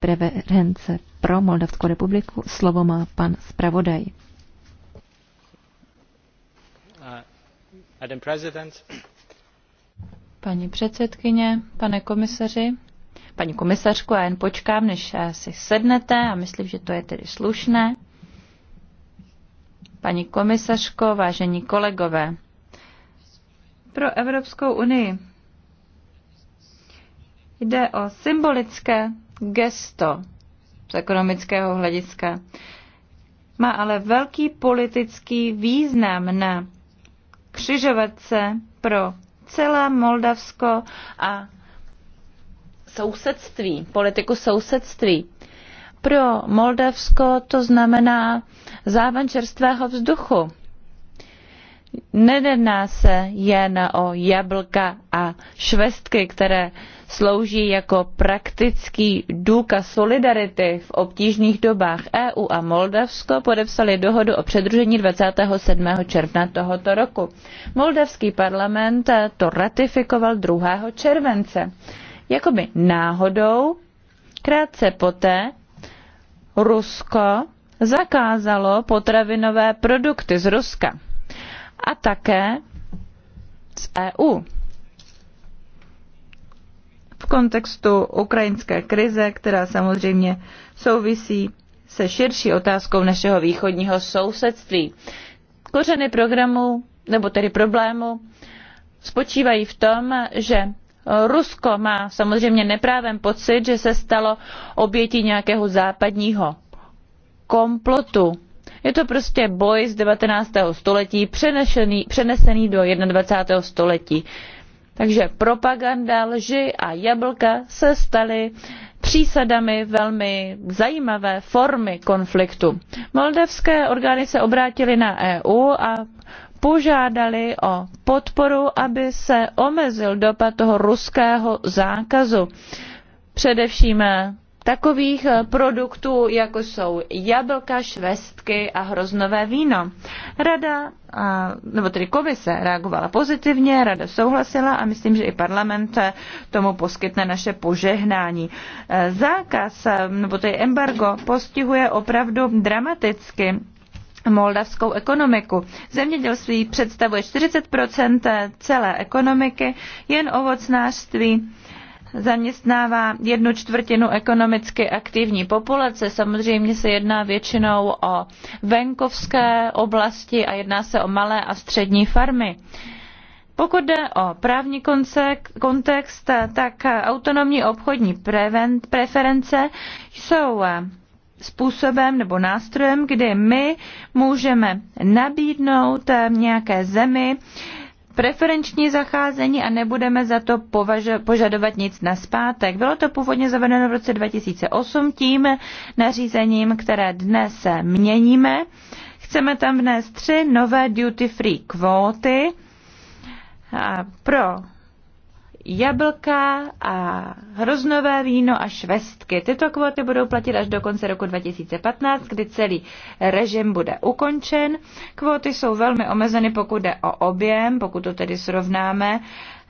preference pro Moldavskou republiku. Slovo má pan zpravodaj. Uh, paní předsedkyně, pane komisaři, paní komisařku, já jen počkám, než si sednete a myslím, že to je tedy slušné. Paní komisařko, vážení kolegové, pro Evropskou unii jde o symbolické gesto z ekonomického hlediska. Má ale velký politický význam na křižovatce pro celé Moldavsko a sousedství, politiku sousedství. Pro Moldavsko to znamená závan čerstvého vzduchu Nejedná se jen o jablka a švestky, které slouží jako praktický důkaz solidarity v obtížných dobách. EU a Moldavsko podepsali dohodu o předružení 27. června tohoto roku. Moldavský parlament to ratifikoval 2. července. Jakoby náhodou, krátce poté, Rusko zakázalo potravinové produkty z Ruska a také z EU. V kontextu ukrajinské krize, která samozřejmě souvisí se širší otázkou našeho východního sousedství. Kořeny programu, nebo tedy problému, spočívají v tom, že Rusko má samozřejmě neprávem pocit, že se stalo obětí nějakého západního komplotu je to prostě boj z 19. století přenesený, přenesený do 21. století. Takže propaganda, lži a jablka se staly přísadami velmi zajímavé formy konfliktu. Moldavské orgány se obrátily na EU a požádali o podporu, aby se omezil dopad toho ruského zákazu. Především takových eh, produktů, jako jsou jablka, švestky a hroznové víno. Rada, nebo tedy komise reagovala pozitivně, rada souhlasila a myslím, že i parlament eh, tomu poskytne naše požehnání. Eh, zákaz, nebo tedy embargo, postihuje opravdu dramaticky moldavskou ekonomiku. Zemědělství představuje 40 celé ekonomiky, jen ovocnářství zaměstnává jednu čtvrtinu ekonomicky aktivní populace. Samozřejmě se jedná většinou o venkovské oblasti a jedná se o malé a střední farmy. Pokud jde o právní kontext, tak autonomní obchodní preference jsou způsobem nebo nástrojem, kdy my můžeme nabídnout nějaké zemi preferenční zacházení a nebudeme za to požadovat nic na zpátek. Bylo to původně zavedeno v roce 2008 tím nařízením, které dnes měníme. Chceme tam vnést tři nové duty free kvóty pro jablka a hroznové víno a švestky. Tyto kvóty budou platit až do konce roku 2015, kdy celý režim bude ukončen. Kvóty jsou velmi omezeny, pokud jde o objem, pokud to tedy srovnáme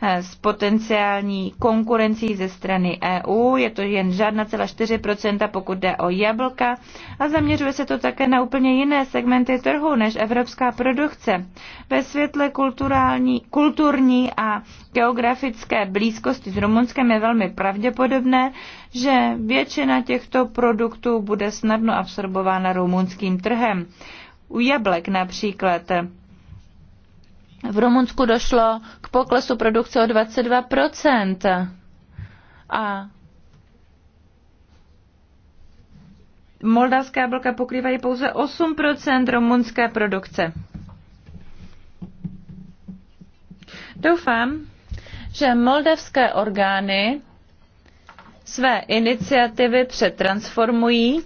Eh, s potenciální konkurencí ze strany EU. Je to jen žádná celá 4%, pokud jde o jablka. A zaměřuje se to také na úplně jiné segmenty trhu než evropská produkce. Ve světle kulturální, kulturní a geografické blízkosti s Rumunskem je velmi pravděpodobné, že většina těchto produktů bude snadno absorbována rumunským trhem. U jablek například v Rumunsku došlo k poklesu produkce o 22%. A moldavské jablka pokrývají pouze 8% rumunské produkce. Doufám, že moldavské orgány své iniciativy přetransformují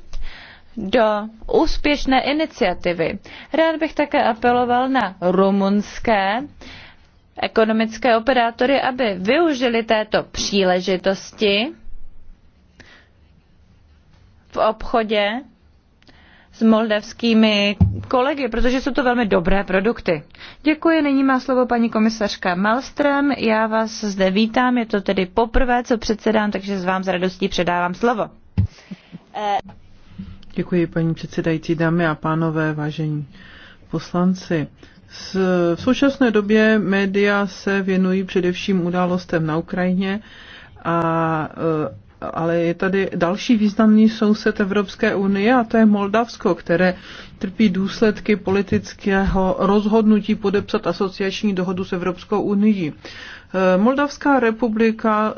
do úspěšné iniciativy. Rád bych také apeloval na rumunské ekonomické operátory, aby využili této příležitosti v obchodě s moldavskými kolegy, protože jsou to velmi dobré produkty. Děkuji, nyní má slovo paní komisařka Malström. Já vás zde vítám, je to tedy poprvé, co předsedám, takže s vám s radostí předávám slovo. Eh, Děkuji, paní předsedající, dámy a pánové, vážení poslanci. V současné době média se věnují především událostem na Ukrajině a e, ale je tady další významný soused Evropské unie a to je Moldavsko, které trpí důsledky politického rozhodnutí podepsat asociační dohodu s Evropskou unii. E, Moldavská republika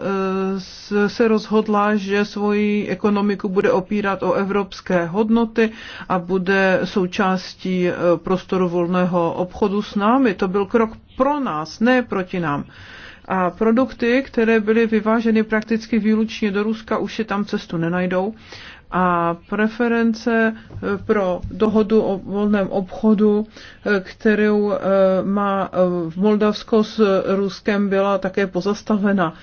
e, se rozhodla, že svoji ekonomiku bude opírat o evropské hodnoty a bude součástí e, prostoru volného obchodu s námi. To byl krok pro nás, ne proti nám. A produkty, které byly vyváženy prakticky výlučně do Ruska, už si tam cestu nenajdou. A preference eh, pro dohodu o volném obchodu, eh, kterou eh, má v Moldavsko s Ruskem, byla také pozastavena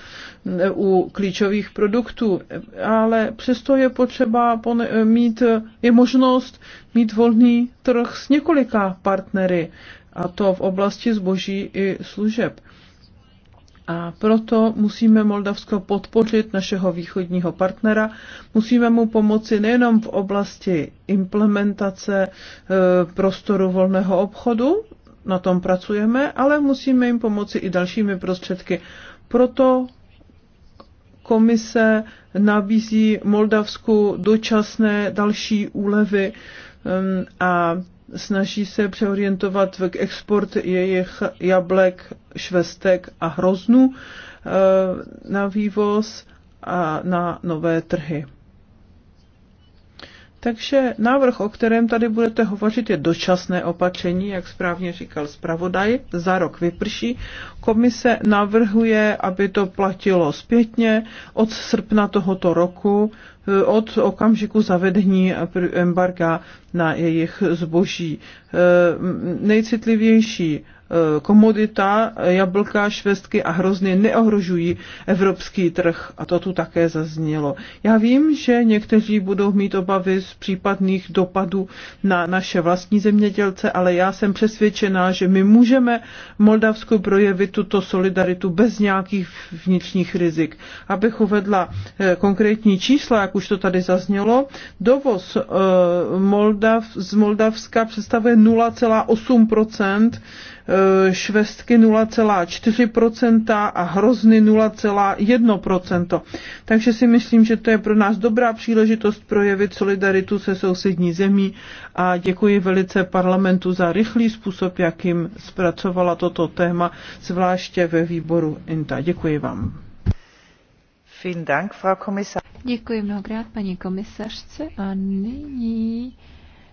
u klíčových produktů, ale přesto je potřeba mít, je možnost mít volný trh s několika partnery, a to v oblasti zboží i služeb. A proto musíme Moldavsko podpořit našeho východního partnera. Musíme mu pomoci nejenom v oblasti implementace e, prostoru volného obchodu, na tom pracujeme, ale musíme jim pomoci i dalšími prostředky. Proto komise nabízí Moldavsku dočasné další úlevy e, a snaží se přeorientovat k export jejich jablek, švestek a hroznů eh, na vývoz a na nové trhy. Takže návrh, o kterém tady budete hovořit, je dočasné opatření, jak správně říkal zpravodaj, za rok vyprší. Komise navrhuje, aby to platilo zpětně od srpna tohoto roku, eh, od okamžiku zavedení embarga na jejich zboží. Eh, nejcitlivější Eh, komodita, jablka, švestky a hrozny neohrožují evropský trh a to tu také zaznělo. Já vím, že někteří budou mít obavy z případných dopadů na naše vlastní zemědělce, ale já jsem přesvědčená, že my můžeme Moldavsku projevit tuto solidaritu bez nějakých vnitřních rizik. Abych uvedla eh, konkrétní čísla, jak už to tady zaznělo, dovoz eh, Moldav, z Moldavska představuje 0,8 E, švestky 0,4% a hrozny 0,1%. Takže si myslím, že to je pro nás dobrá příležitost projevit solidaritu se sousední zemí a děkuji velice parlamentu za rychlý způsob, jakým zpracovala toto téma, zvláště ve výboru INTA. Děkuji vám. Dank, Frau Děkuji mnohokrát paní komisařce a nyní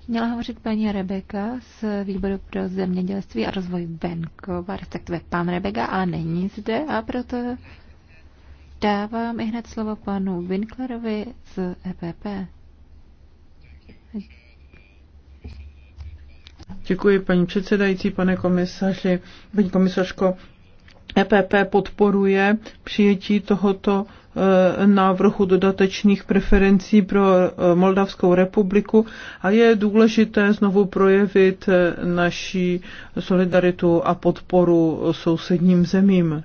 Měla hovořit paní Rebeka z výboru pro zemědělství a rozvoj venkova, respektive pan Rebeka, ale není zde a proto dávám i hned slovo panu Winklerovi z EPP. Děkuji, paní předsedající, pane komisaři, paní komisařko. EPP podporuje přijetí tohoto e, návrhu dodatečných preferencí pro e, Moldavskou republiku a je důležité znovu projevit e, naší solidaritu a podporu sousedním zemím.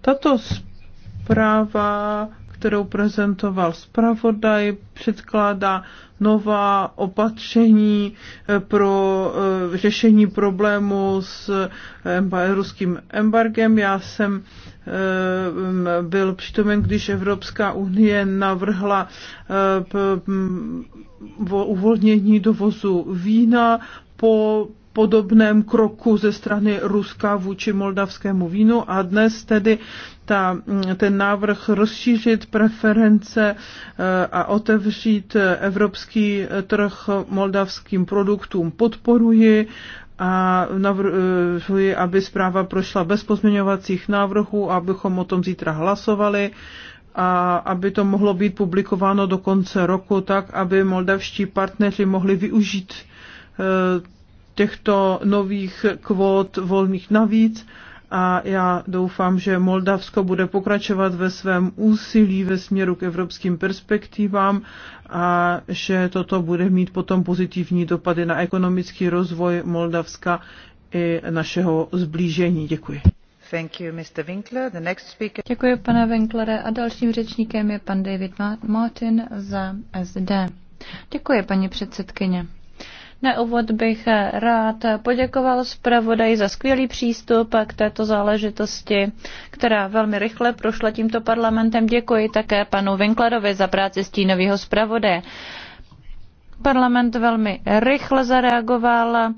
Tato zpráva kterou prezentoval zpravodaj, předkládá nová opatření eh, pro eh, řešení problému s eh, ruským embargem. Já jsem byl přítomen, když Evropská unie navrhla uvolnění dovozu vína po podobném kroku ze strany Ruska vůči moldavskému vínu a dnes tedy ta, ten návrh rozšířit preference eh, a otevřít eh, evropský eh, trh moldavským produktům podporuji a navrhuji, aby zpráva prošla bez pozměňovacích návrhů, abychom o tom zítra hlasovali a aby to mohlo být publikováno do konce roku tak, aby moldavští partneři mohli využít těchto nových kvót volných navíc a já doufám, že Moldavsko bude pokračovat ve svém úsilí ve směru k evropským perspektivám a že toto bude mít potom pozitivní dopady na ekonomický rozvoj Moldavska i našeho zblížení. Děkuji. Thank you, Mr. Winkler. The next speaker... Děkuji, pane Winklere. A dalším řečníkem je pan David Martin za SD. Děkuji, paní předsedkyně. Na úvod bych rád poděkoval zpravodaji za skvělý přístup k této záležitosti, která velmi rychle prošla tímto parlamentem. Děkuji také panu Vinkladovi za práci stínového zpravodaje. Parlament velmi rychle zareagoval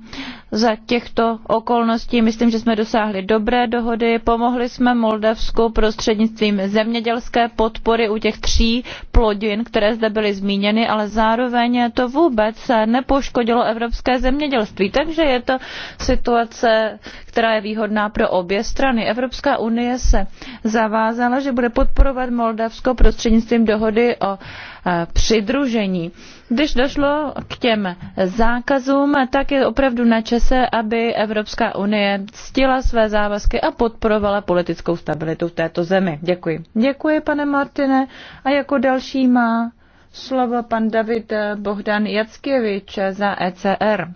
za těchto okolností. Myslím, že jsme dosáhli dobré dohody. Pomohli jsme Moldavsku prostřednictvím zemědělské podpory u těch tří plodin, které zde byly zmíněny, ale zároveň to vůbec nepoškodilo evropské zemědělství. Takže je to situace, která je výhodná pro obě strany. Evropská unie se zavázala, že bude podporovat Moldavsko prostřednictvím dohody o Eh, přidružení. Když došlo k těm zákazům, tak je opravdu na čase, aby Evropská unie ctila své závazky a podporovala politickou stabilitu v této zemi. Děkuji. Děkuji, pane Martine. A jako další má slovo pan David Bohdan Jackiewicz za ECR.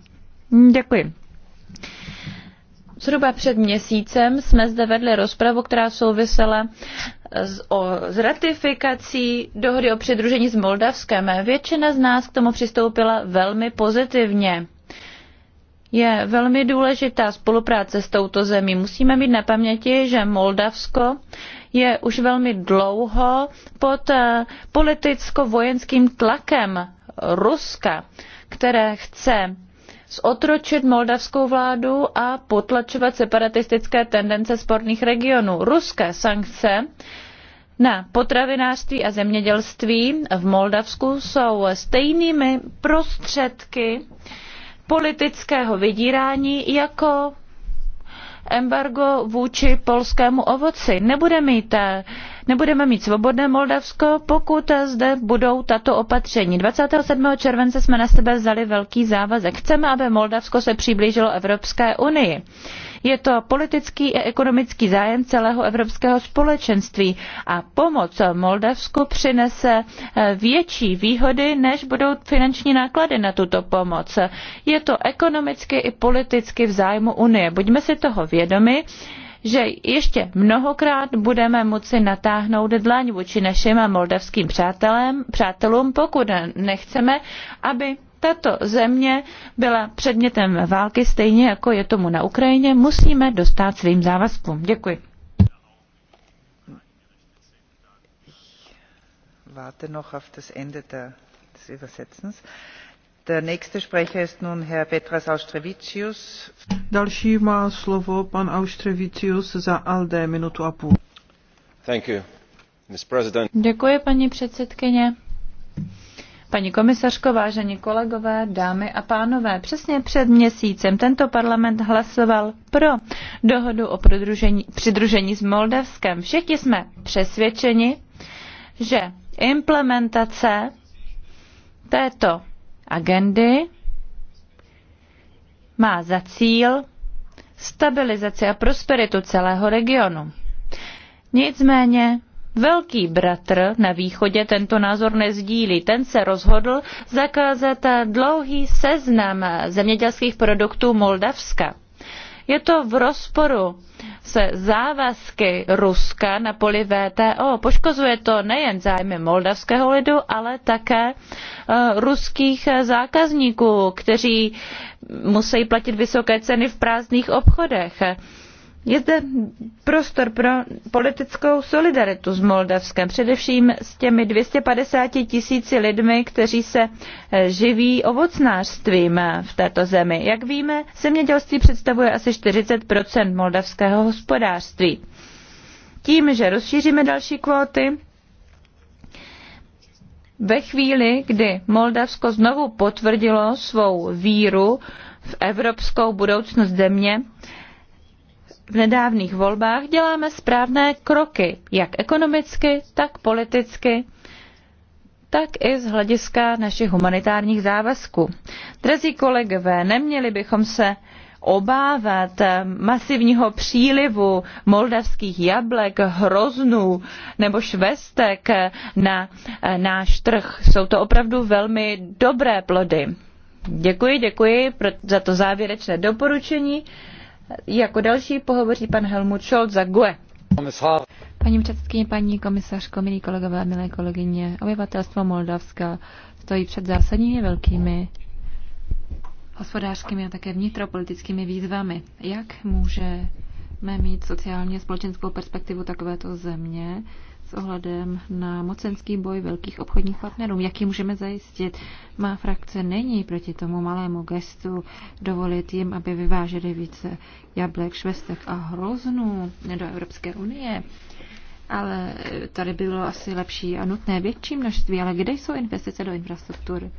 Děkuji. Zhruba před měsícem jsme zde vedli rozpravu, která souvisela s, o, s ratifikací dohody o přidružení s Moldavskem. Většina z nás k tomu přistoupila velmi pozitivně. Je velmi důležitá spolupráce s touto zemí. Musíme mít na paměti, že Moldavsko je už velmi dlouho pod eh, politicko-vojenským tlakem Ruska, které chce zotročit moldavskou vládu a potlačovat separatistické tendence sporných regionů. Ruské sankce na potravinářství a zemědělství v Moldavsku jsou stejnými prostředky politického vydírání jako embargo vůči polskému ovoci. Nebude mít eh, Nebudeme mít svobodné Moldavsko, pokud zde budou tato opatření. 27. července jsme na sebe vzali velký závazek. Chceme, aby Moldavsko se přiblížilo Evropské unii. Je to politický a ekonomický zájem celého evropského společenství a pomoc Moldavsku přinese eh, větší výhody, než budou finanční náklady na tuto pomoc. Je to ekonomicky i politicky v zájmu Unie. Buďme si toho vědomi že ještě mnohokrát budeme moci natáhnout dlaň vůči našim moldavským přátelům, přátelům, pokud nechceme, aby tato země byla předmětem války stejně jako je tomu na Ukrajině, musíme dostat svým závazkům. Děkuji. warte noch auf das Ende des Übersetzens. Další má slovo pan Austrevicius za ALDE minutu a půl. Thank you, Ms. President. Děkuji, paní předsedkyně. Paní komisařko, vážení kolegové, dámy a pánové, přesně před měsícem tento parlament hlasoval pro dohodu o přidružení s Moldavskem. Všichni jsme přesvědčeni, že implementace této agendy má za cíl stabilizaci a prosperitu celého regionu. Nicméně Velký bratr na východě tento názor nezdílí. Ten se rozhodl zakázat dlouhý seznam zemědělských produktů Moldavska. Je to v rozporu se závazky Ruska na poli VTO. Poškozuje to nejen zájmy moldavského lidu, ale také eh, ruských zákazníků, kteří musí platit vysoké ceny v prázdných obchodech. Je zde prostor pro politickou solidaritu s Moldavskem, především s těmi 250 tisíci lidmi, kteří se eh, živí ovocnářstvím eh, v této zemi. Jak víme, zemědělství představuje asi 40 moldavského hospodářství. Tím, že rozšíříme další kvóty, ve chvíli, kdy Moldavsko znovu potvrdilo svou víru v evropskou budoucnost země, v nedávných volbách děláme správné kroky, jak ekonomicky, tak politicky, tak i z hlediska našich humanitárních závazků. Drazí kolegové, neměli bychom se obávat masivního přílivu moldavských jablek, hroznů nebo švestek na náš trh. Jsou to opravdu velmi dobré plody. Děkuji, děkuji za to závěrečné doporučení. Jako další pohovoří pan Helmut Scholz za GUE. Paní předsedkyně, paní komisařko, milí kolegové, milé kolegyně, obyvatelstvo Moldavska stojí před zásadními velkými hospodářskými a také vnitropolitickými výzvami. Jak můžeme mít sociálně společenskou perspektivu takovéto země, s ohledem na mocenský boj velkých obchodních partnerů. Jak ji můžeme zajistit? Má frakce není proti tomu malému gestu dovolit jim, aby vyváželi více jablek, švestek a hroznů do Evropské unie. Ale tady bylo asi lepší a nutné větší množství. Ale kde jsou investice do infrastruktury?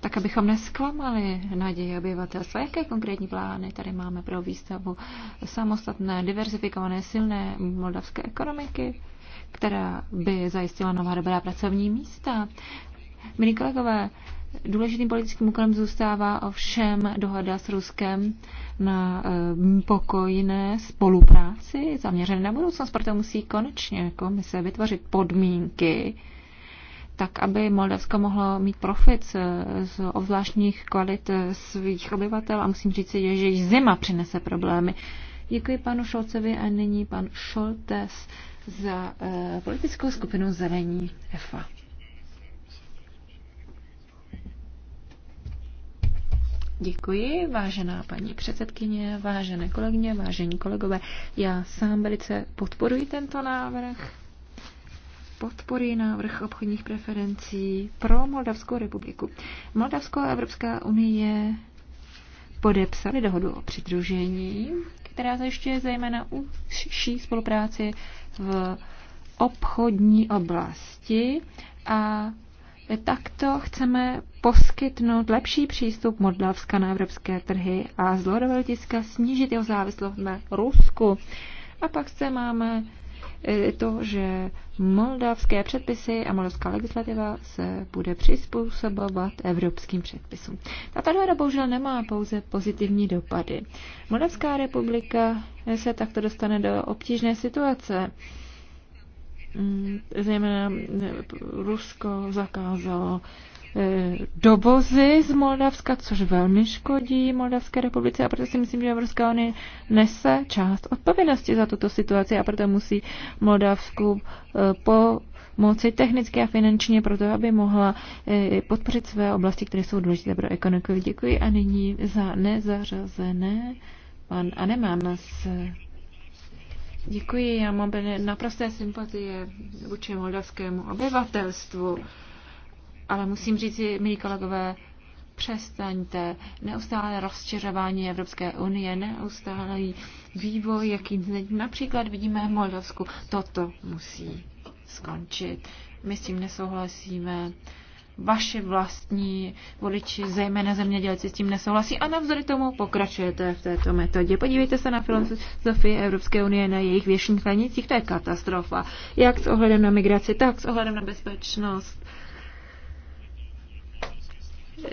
tak abychom nesklamali naději obyvatelstva. Jaké konkrétní plány tady máme pro výstavu samostatné, diversifikované, silné moldavské ekonomiky? která by zajistila nová dobrá pracovní místa. Milí kolegové, důležitým politickým úkolem zůstává ovšem dohoda s Ruskem na eh, pokojné spolupráci zaměřené na budoucnost. Proto musí konečně komise vytvořit podmínky, tak aby Moldavsko mohlo mít profit z obzvláštních kvalit svých obyvatel a musím říct, že již zima přinese problémy. Děkuji panu Šolcevi a nyní pan Šoltes za uh, politickou skupinu Zelení EFA. Děkuji, vážená paní předsedkyně, vážené kolegyně, vážení kolegové. Já sám velice podporuji tento návrh. Podporuji návrh obchodních preferencí pro Moldavskou republiku. Moldavsko a Evropská unie podepsali dohodu o přidružení, která zajišťuje zejména užší spolupráci v obchodní oblasti a takto chceme poskytnout lepší přístup Moldavska na evropské trhy a z dlouhodobého snížit jeho závislost na Rusku. A pak se máme E, to, že moldavské předpisy a moldavská legislativa se bude přizpůsobovat evropským předpisům. Tato dohoda bohužel nemá pouze pozitivní dopady. Moldavská republika se takto dostane do obtížné situace. Mm, zejména Rusko zakázalo E, dovozy z Moldavska, což velmi škodí Moldavské republice a proto si myslím, že Evropská unie nese část odpovědnosti za tuto situaci a proto musí Moldavsku e, pomoci technicky a finančně proto, aby mohla e, podpořit své oblasti, které jsou důležité pro ekonomiku. Děkuji a nyní za nezařazené pan z Děkuji, já mám naprosté sympatie vůči moldavskému obyvatelstvu. Ale musím říct, milí kolegové, přestaňte neustále rozšiřování Evropské unie, neustále vývoj, jaký například vidíme v Moldavsku. Toto musí skončit. My s tím nesouhlasíme. Vaše vlastní voliči, zejména zemědělci, s tím nesouhlasí a navzdory tomu pokračujete v této metodě. Podívejte se na filozofii Evropské unie na jejich věšních hranicích, to je katastrofa. Jak s ohledem na migraci, tak s ohledem na bezpečnost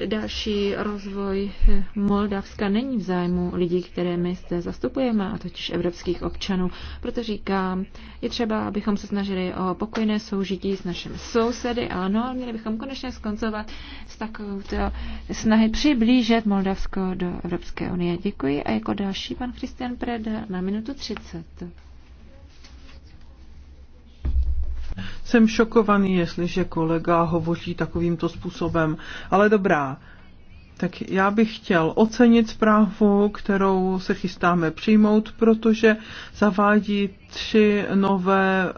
Další rozvoj Moldavska není v zájmu lidí, které my zde zastupujeme, a totiž evropských občanů. Proto říkám, je třeba, abychom se snažili o pokojné soužití s našimi sousedy, ano, měli bychom konečně skoncovat s takovou snahy přiblížit Moldavsko do Evropské unie. Děkuji a jako další pan Christian Preda na minutu 30. Jsem šokovaný, jestliže kolega hovoří takovýmto způsobem. Ale dobrá, tak já bych chtěl ocenit zprávu, kterou se chystáme přijmout, protože zavádí tři nové eh,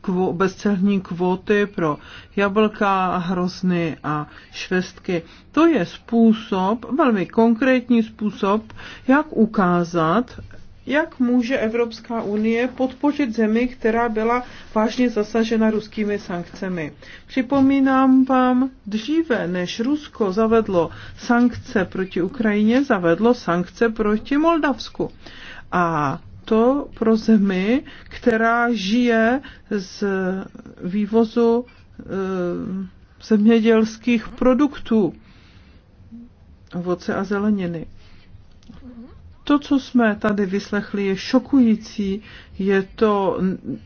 kvo, bezcelní kvóty pro jablka, hrozny a švestky. To je způsob, velmi konkrétní způsob, jak ukázat jak může Evropská unie podpořit zemi, která byla vážně zasažena ruskými sankcemi? Připomínám vám, dříve než Rusko zavedlo sankce proti Ukrajině, zavedlo sankce proti Moldavsku. A to pro zemi, která žije z vývozu eh, zemědělských produktů, ovoce a zeleniny. To, co jsme tady vyslechli, je šokující. Je to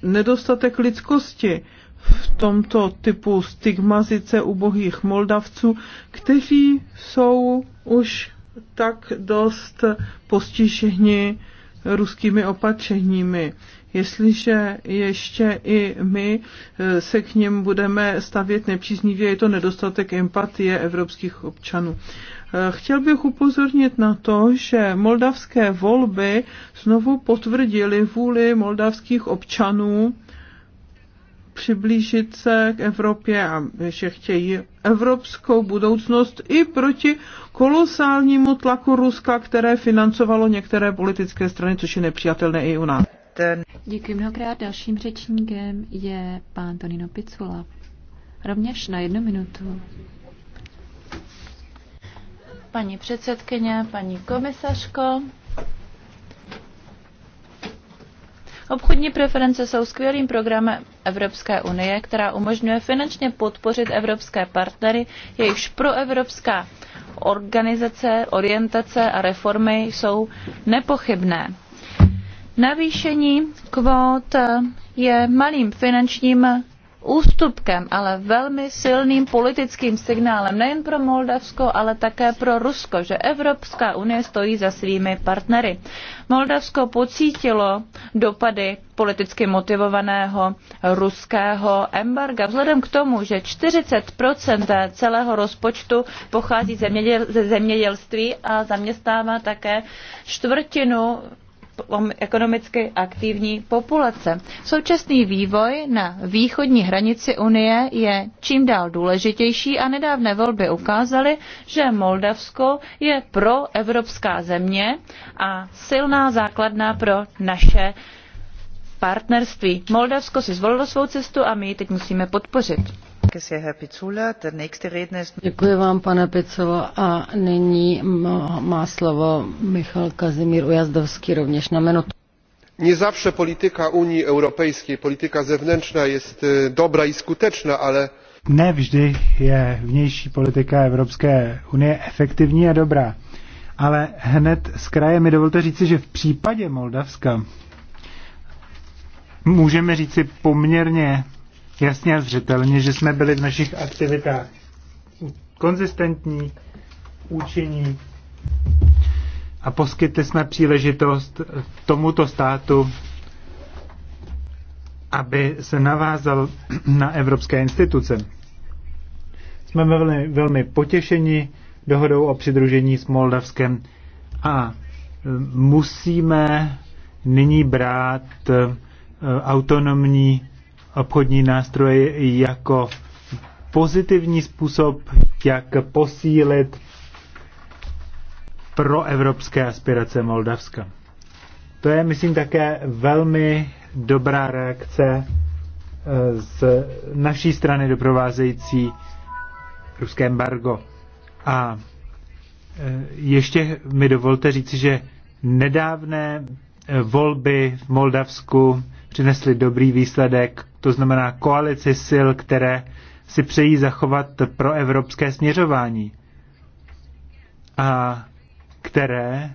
nedostatek lidskosti v tomto typu stigmazice ubohých Moldavců, kteří jsou už tak dost postiženi ruskými opatřeními. Jestliže ještě i my e, se k něm budeme stavět nepříznivě, je to nedostatek empatie evropských občanů. Eh, chtěl bych upozornit na to, že moldavské volby znovu potvrdily vůli moldavských občanů přiblížit se k Evropě a že chtějí evropskou budoucnost i proti kolosálnímu tlaku Ruska, které financovalo některé politické strany, což je nepřijatelné i u nás. Děkuji mnohokrát. Dalším řečníkem je pán Tonino Picula. Rovněž na jednu minutu paní předsedkyně, paní komisařko. Obchodní preference jsou skvělým programem Evropské unie, která umožňuje finančně podpořit evropské partnery, jejichž proevropská organizace, orientace a reformy jsou nepochybné. Navýšení kvót je malým finančním ústupkem, ale velmi silným politickým signálem nejen pro Moldavsko, ale také pro Rusko, že Evropská unie stojí za svými partnery. Moldavsko pocítilo dopady politicky motivovaného ruského embarga. Vzhledem k tomu, že 40 celého rozpočtu pochází ze zemědělství a zaměstnává také čtvrtinu ekonomicky aktivní populace. Současný vývoj na východní hranici Unie je čím dál důležitější a nedávné volby ukázaly, že Moldavsko je pro evropská země a silná základna pro naše partnerství. Moldavsko si zvolilo svou cestu a my ji teď musíme podpořit. Děkuji vám, pane Picolo. A nyní má slovo Michal Kazimír Ujazdowski rovněž na minutu. Nie zawsze polityka Unii Europejskiej, polityka zewnętrzna jest e, dobra i skuteczna, ale ne vždy je vnější politika Evropské unie efektivní a dobrá. Ale hned z kraje mi dovolte říci, že v případě Moldavska můžeme říci poměrně jasně a zřetelně, že jsme byli v našich aktivitách konzistentní, účinní a poskytli jsme příležitost tomuto státu, aby se navázal na evropské instituce. Jsme velmi, velmi potěšeni dohodou o přidružení s Moldavskem a musíme nyní brát autonomní obchodní nástroje jako pozitivní způsob, jak posílit proevropské aspirace Moldavska. To je, myslím, také velmi dobrá reakce eh, z naší strany doprovázející ruské embargo. A eh, ještě mi dovolte říci, že nedávné eh, volby v Moldavsku přinesly dobrý výsledek to znamená koalici sil, které si přejí zachovat pro evropské směřování a které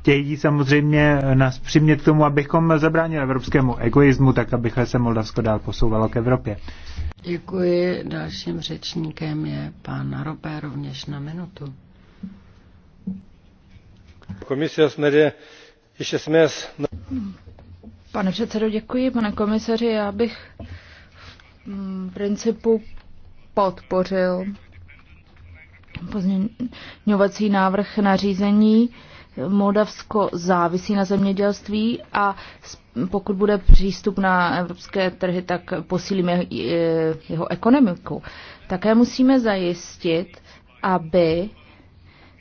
chtějí samozřejmě nás přimět k tomu, abychom zabránili evropskému egoismu, tak abychle se Moldavsko dál posouvalo k Evropě. Děkuji. Dalším řečníkem je pan Robé rovněž na minutu. Komisijos narė iš esmės. Pane předsedo, děkuji. Pane komisaři, já bych v principu podpořil pozměňovací návrh na řízení. Moldavsko závisí na zemědělství a pokud bude přístup na evropské trhy, tak posílíme jeho ekonomiku. Také musíme zajistit, aby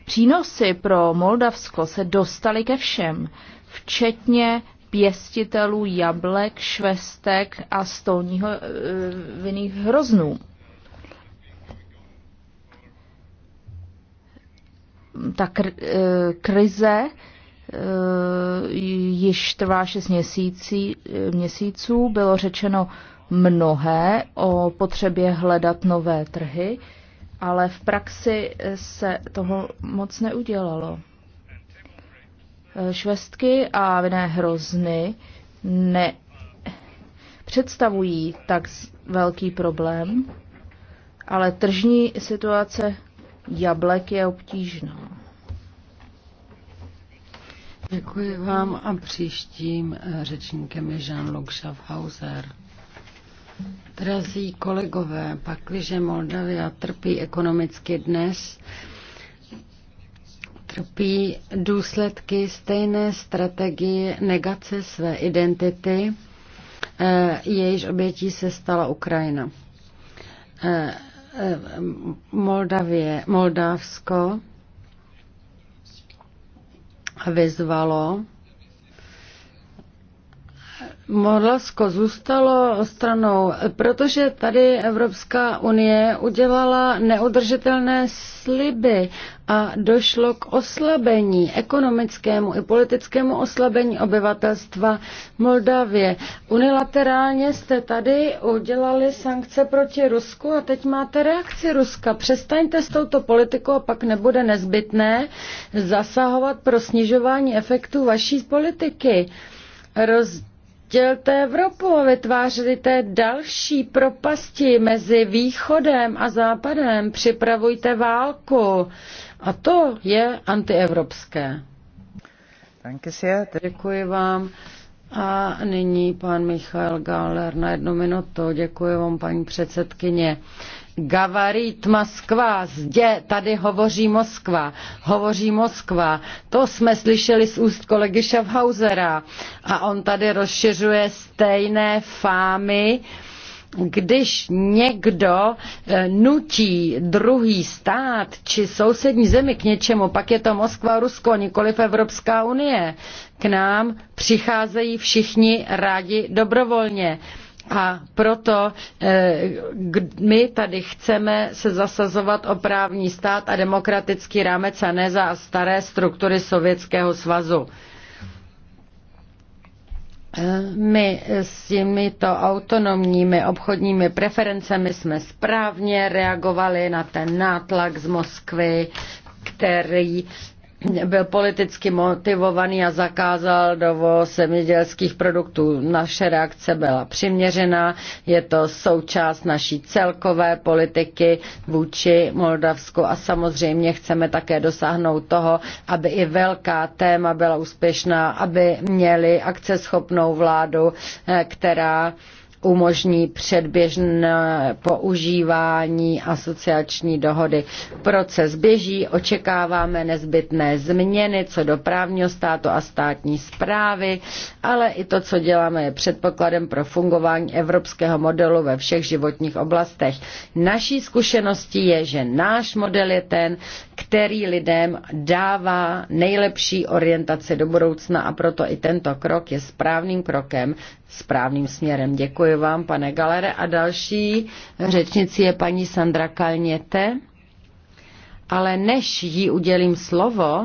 přínosy pro Moldavsko se dostaly ke všem, včetně pěstitelů jablek, švestek a stolního eh, vinných hroznů. Ta eh, krize eh, již trvá 6 měsící, měsíců. Bylo řečeno mnohé o potřebě hledat nové trhy, ale v praxi se toho moc neudělalo švestky a vinné hrozny ne představují tak velký problém, ale tržní situace jablek je obtížná. Děkuji vám a příštím eh, řečníkem je Jean-Luc Schaffhauser. Drazí kolegové, pakliže Moldavia trpí ekonomicky dnes, trpí důsledky stejné strategie negace své identity, eh, jejíž obětí se stala Ukrajina. Eh, eh, Moldavie, Moldavsko vyzvalo Moldavsko zůstalo stranou, protože tady Evropská unie udělala neudržitelné sliby a došlo k oslabení, ekonomickému i politickému oslabení obyvatelstva Moldavie. Unilaterálně jste tady udělali sankce proti Rusku a teď máte reakci Ruska. Přestaňte s touto politikou a pak nebude nezbytné zasahovat pro snižování efektů vaší politiky. Roz rozdělte Evropu a té další propasti mezi východem a západem, připravujte válku. A to je antievropské. Děkuji vám. A nyní pan Michal Galer na jednu minutu. Děkuji vám, paní předsedkyně. Gavarit Moskva, zde tady hovoří Moskva, hovoří Moskva. To jsme slyšeli z úst kolegy Schaffhausera a on tady rozšiřuje stejné fámy, když někdo eh, nutí druhý stát či sousední zemi k něčemu, pak je to Moskva, Rusko, v Evropská unie. K nám přicházejí všichni rádi dobrovolně. A proto eh, my tady chceme se zasazovat o právní stát a demokratický rámec a ne za staré struktury Sovětského svazu. Eh, my s těmito autonomními obchodními preferencemi jsme správně reagovali na ten nátlak z Moskvy, který byl politicky motivovaný a zakázal dovoz zemědělských produktů. Naše reakce byla přiměřená, je to součást naší celkové politiky vůči Moldavsku a samozřejmě chceme také dosáhnout toho, aby i velká téma byla úspěšná, aby měli akceschopnou vládu, eh, která umožní předběžné používání asociační dohody. Proces běží, očekáváme nezbytné změny co do právního státu a státní zprávy, ale i to, co děláme, je předpokladem pro fungování evropského modelu ve všech životních oblastech. Naší zkušeností je, že náš model je ten, který lidem dává nejlepší orientaci do budoucna a proto i tento krok je správným krokem správným směrem. Děkuji vám, pane Galere. A další řečnici je paní Sandra Kalněte. Ale než jí udělím slovo,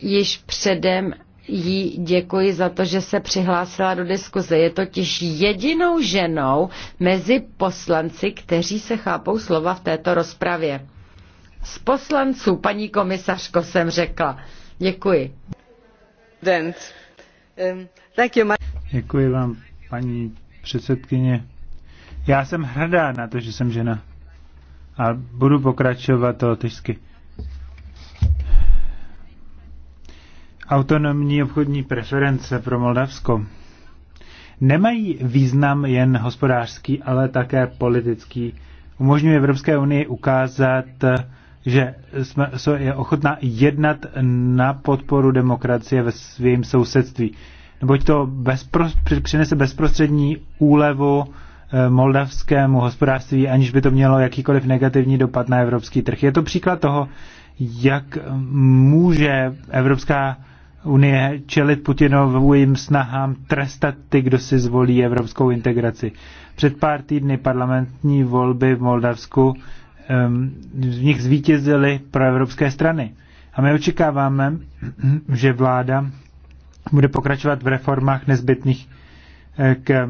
již předem jí děkuji za to, že se přihlásila do diskuze. Je totiž jedinou ženou mezi poslanci, kteří se chápou slova v této rozpravě. Z poslanců, paní komisařko, jsem řekla. Děkuji. Dent. Um, thank you, Děkuji vám, paní předsedkyně. Já jsem hrdá na to, že jsem žena. A budu pokračovat lotyšsky. Autonomní obchodní preference pro Moldavsko nemají význam jen hospodářský, ale také politický. Umožňuje Evropské unii ukázat, že jsme, je ochotná jednat na podporu demokracie ve svém sousedství neboť to bezpros, přinese bezprostřední úlevu eh, moldavskému hospodářství, aniž by to mělo jakýkoliv negativní dopad na evropský trh. Je to příklad toho, jak může Evropská unie čelit Putinovým snahám trestat ty, kdo si zvolí evropskou integraci. Před pár týdny parlamentní volby v Moldavsku v nich zvítězily proevropské strany. A my očekáváme, že vláda bude pokračovat v reformách nezbytných eh, k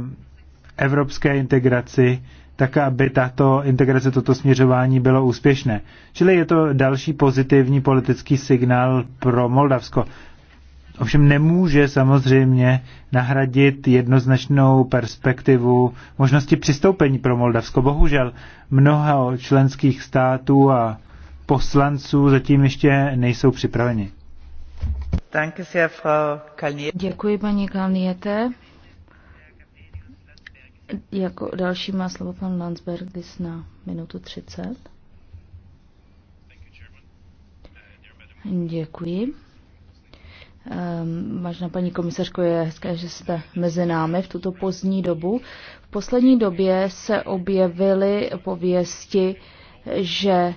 evropské integraci, tak aby tato integrace, toto směřování bylo úspěšné. Čili je to další pozitivní politický signál pro Moldavsko. Ovšem nemůže samozřejmě nahradit jednoznačnou perspektivu možnosti přistoupení pro Moldavsko. Bohužel mnoho členských států a poslanců zatím ještě nejsou připraveni. Děkuji, paní Kalniete. Jako další má slovo pan Landsbergis na minutu 30. Děkuji. Ehm, Vážená paní komisařko, je hezké, že jste mezi námi v tuto pozdní dobu. V poslední době se objevily pověsti, že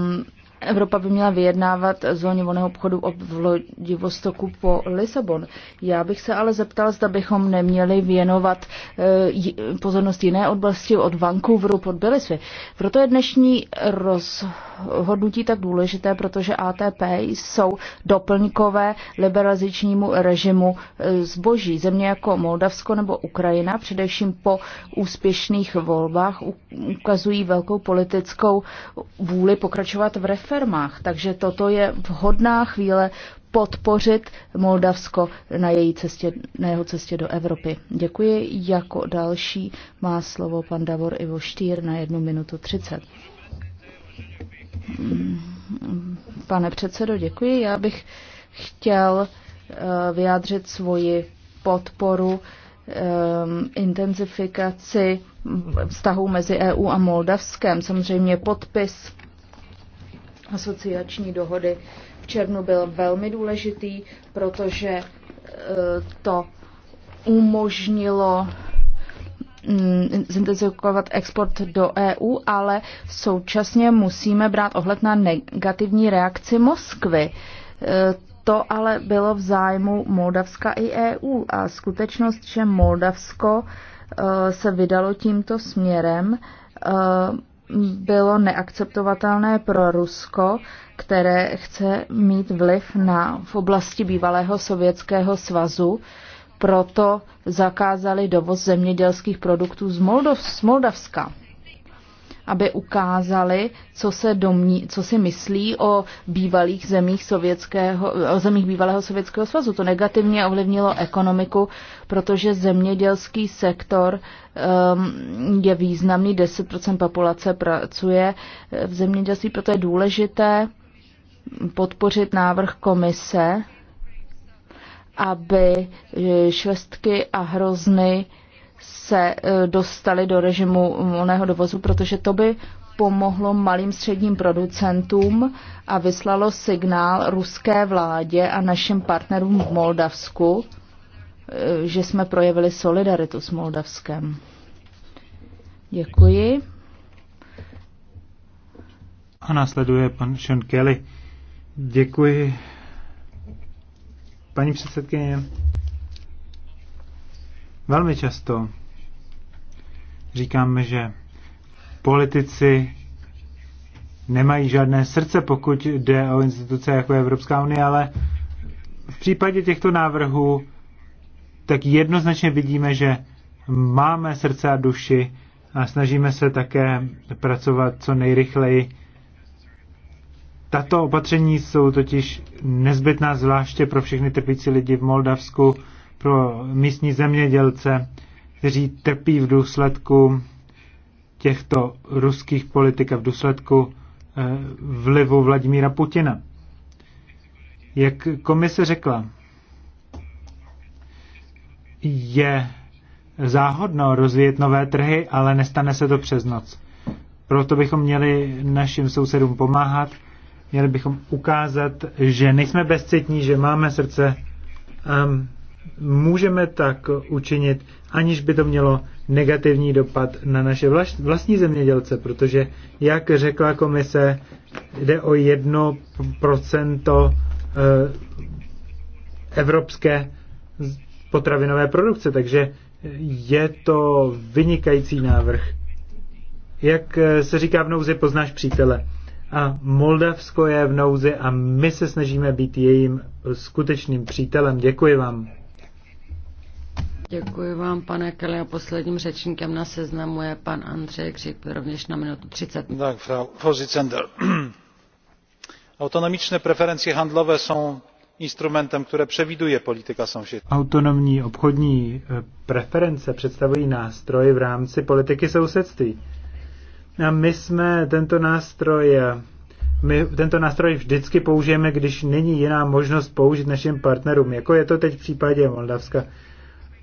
um, Evropa by měla vyjednávat zóně volného obchodu o Vladivostoku po Lisabon. Já bych se ale zeptal, zda bychom neměli věnovat eh, pozornost jiné oblasti od Vancouveru pod Belisvy. Proto je dnešní rozhodnutí tak důležité, protože ATP jsou doplňkové liberalizačnímu režimu eh, zboží. Země jako Moldavsko nebo Ukrajina, především po úspěšných volbách, ukazují velkou politickou vůli pokračovat v reformě firmách. Takže toto je vhodná chvíle podpořit Moldavsko na, její cestě, na jeho cestě do Evropy. Děkuji. Jako další má slovo pan Davor Ivo Štýr na jednu minutu 30. Pane předsedo, děkuji. Já bych chtěl eh, vyjádřit svoji podporu ehm, intenzifikaci vztahů mezi EU a Moldavskem. Samozřejmě podpis asociační dohody v červnu byl velmi důležitý, protože eh, to umožnilo mm, zintenzifikovat export do EU, ale současně musíme brát ohled na negativní reakci Moskvy. Eh, to ale bylo v zájmu Moldavska i EU a skutečnost, že Moldavsko eh, se vydalo tímto směrem, bylo neakceptovatelné pro Rusko, které chce mít vliv na, v oblasti bývalého Sovětského svazu, proto zakázali dovoz zemědělských produktů z, Moldov, z Moldavska aby ukázali, co, se domní, co si myslí o bývalých zemích, sovětského, o zemích bývalého Sovětského svazu. To negativně ovlivnilo ekonomiku, protože zemědělský sektor um, je významný, 10% populace pracuje v zemědělství, proto je důležité podpořit návrh komise, aby švestky a hrozny se eh, dostali do režimu volného dovozu, protože to by pomohlo malým středním producentům a vyslalo signál ruské vládě a našim partnerům v Moldavsku, eh, že jsme projevili solidaritu s Moldavskem. Děkuji. A následuje pan Sean Kelly. Děkuji. Paní předsedkyně, Velmi často říkáme, že politici nemají žádné srdce, pokud jde o instituce jako je Evropská unie, ale v případě těchto návrhů tak jednoznačně vidíme, že máme srdce a duši a snažíme se také pracovat co nejrychleji. Tato opatření jsou totiž nezbytná zvláště pro všechny trpící lidi v Moldavsku, pro místní zemědělce, kteří trpí v důsledku těchto ruských politik a v důsledku eh, vlivu Vladimíra Putina. Jak komise řekla, je záhodno rozvíjet nové trhy, ale nestane se to přes noc. Proto bychom měli našim sousedům pomáhat, měli bychom ukázat, že nejsme bezcitní, že máme srdce, um, můžeme tak učinit, aniž by to mělo negativní dopad na naše vlastní zemědělce, protože, jak řekla komise, jde o jedno procento eh, evropské potravinové produkce, takže je to vynikající návrh. Jak eh, se říká v nouzi, poznáš přítele. A Moldavsko je v nouzi a my se snažíme být jejím skutečným přítelem. Děkuji vám. Děkuji vám, pane Kelly. A posledním řečníkem na seznamu je pan Andřej Křik, rovněž na minutu 30. Tak, frau Vorsitzender. Autonomiczne preferencje handlowe są instrumentem, które przewiduje politika sąsiedztwa. Autonomní obchodní e, preference představují nástroj v rámci politiky sousedství. A my jsme tento nástroj e, my tento nástroj vždycky použijeme, když není jiná možnost použít našim partnerům, jako je to teď v případě Moldavska.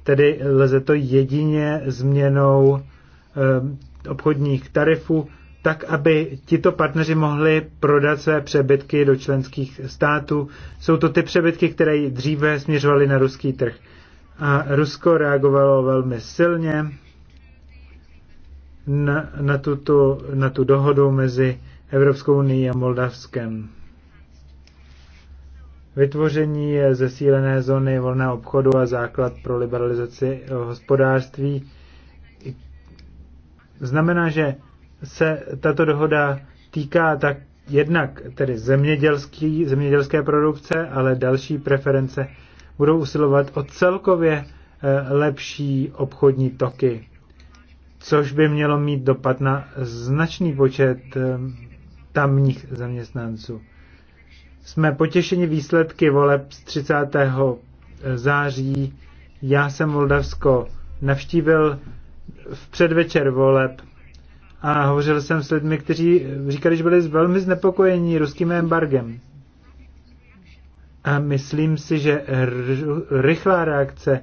Tedy lze to jedině změnou ehm, obchodních tarifů, tak aby tito partneři mohli prodat své přebytky do členských států. Jsou to ty přebytky, které dříve směřovaly na ruský trh. A Rusko reagovalo velmi silně na, na, tuto, na tu dohodu mezi Evropskou unii a Moldavskem. Vytvoření zesílené zóny volného obchodu a základ pro liberalizaci hospodářství znamená, že se tato dohoda týká tak jednak tedy zemědělský, zemědělské produkce, ale další preference budou usilovat o celkově eh, lepší obchodní toky, což by mělo mít dopad na značný počet eh, tamních zaměstnanců. Jsme potěšeni výsledky voleb z 30. Eh, září. Já jsem Moldavsko navštívil v předvečer voleb a hovořil jsem s lidmi, kteří eh, říkali, že byli velmi znepokojeni ruským embargem. A myslím si, že rychlá reakce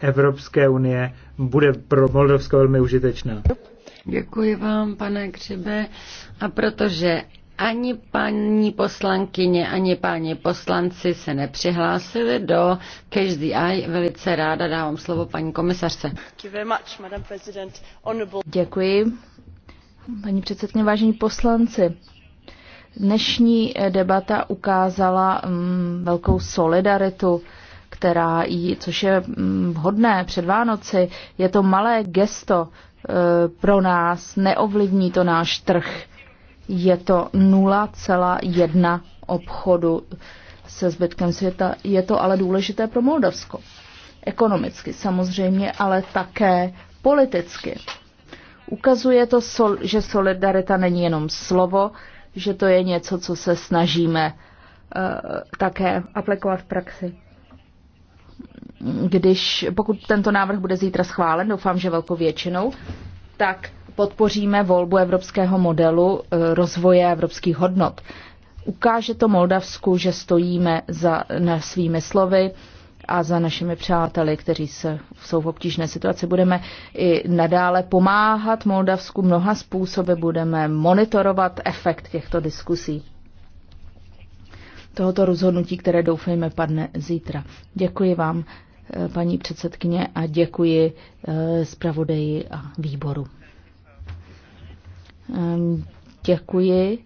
Evropské unie bude pro Moldavsko velmi užitečná. Děkuji vám, pane Křibe. A protože ani paní poslankyně, ani páni poslanci se nepřihlásili do Cash the Eye. Velice ráda dávám slovo paní komisařce. Děkuji. Paní předsedkyně, vážení poslanci, dnešní debata ukázala mm, velkou solidaritu která jí, což je mm, vhodné před Vánoci, je to malé gesto eh, pro nás, neovlivní to náš trh je to 0,1 obchodu se zbytkem světa. Je to ale důležité pro Moldavsko. Ekonomicky samozřejmě, ale také politicky. Ukazuje to, že solidarita není jenom slovo, že to je něco, co se snažíme eh, také aplikovat v praxi. Když, pokud tento návrh bude zítra schválen, doufám, že velkou většinou, tak podpoříme volbu evropského modelu e, rozvoje evropských hodnot. Ukáže to Moldavsku, že stojíme za na svými slovy a za našimi přáteli, kteří se, jsou v obtížné situaci. Budeme i nadále pomáhat Moldavsku mnoha způsoby, budeme monitorovat efekt těchto diskusí tohoto rozhodnutí, které doufejme padne zítra. Děkuji vám, e, paní předsedkyně, a děkuji e, zpravodeji a výboru. Ehm, děkuji,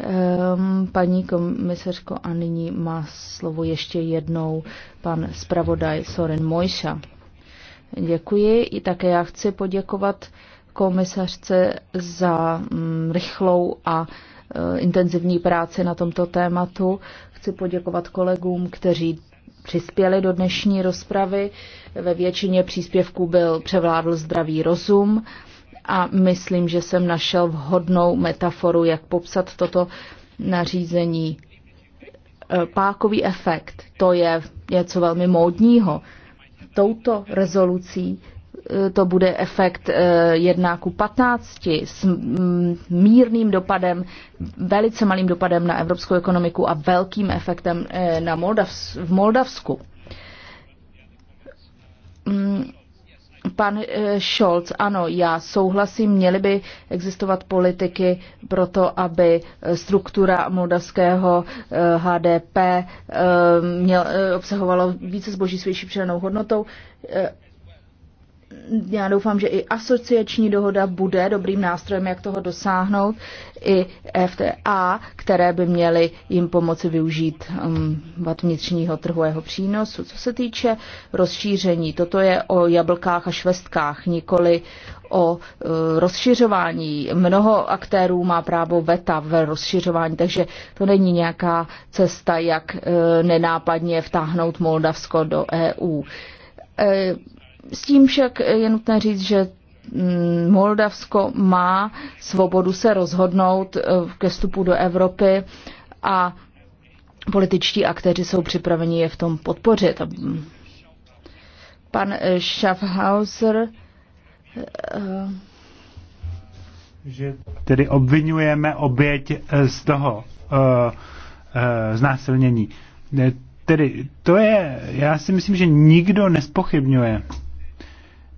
ehm, paní komisařko, a nyní má slovo ještě jednou pan zpravodaj Soren Mojša. Děkuji i také já chci poděkovat komisařce za mm, rychlou a e, intenzivní práci na tomto tématu. Chci poděkovat kolegům, kteří přispěli do dnešní rozpravy. Ve většině příspěvků byl převládl zdravý rozum a myslím, že jsem našel vhodnou metaforu, jak popsat toto nařízení. E, pákový efekt, to je něco velmi módního. Touto rezolucí e, to bude efekt 1 e, ku 15 s mírným dopadem, velice malým dopadem na evropskou ekonomiku a velkým efektem na Moldavs- v Moldavsku mm, Pan eh, Scholz, ano, já souhlasím, měly by existovat politiky pro to, aby eh, struktura moldavského HDP eh, měl, obsahovala více zboží s větší přidanou hodnotou já doufám, že i asociační dohoda bude dobrým nástrojem, jak toho dosáhnout, i FTA, které by měly jim pomoci využít um, vnitřního trhu a jeho přínosu. Co se týče rozšíření, toto je o jablkách a švestkách, nikoli o uh, rozšiřování. Mnoho aktérů má právo veta v rozšiřování, takže to není nějaká cesta, jak uh, nenápadně vtáhnout Moldavsko do EU. Uh, s tím však je nutné říct, že mm, Moldavsko má svobodu se rozhodnout eh, ke vstupu do Evropy a političtí aktéři jsou připraveni je v tom podpořit. Mm, pan eh, Schaffhauser eh, že tedy obvinujeme oběť z toho znásilnění. Tedy to je, já si myslím, že nikdo nespochybňuje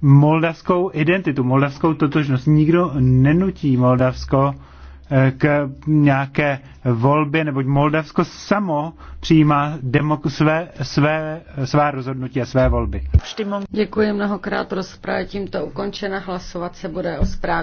moldavskou identitu, moldavskou totožnost. Nikdo nenutí Moldavsko eh, k nějaké volbě, neboť Moldavsko samo přijímá demok- své, své, svá rozhodnutí a své volby. Děkuji mnohokrát pro Tímto ukončena hlasovat se bude o zprávě.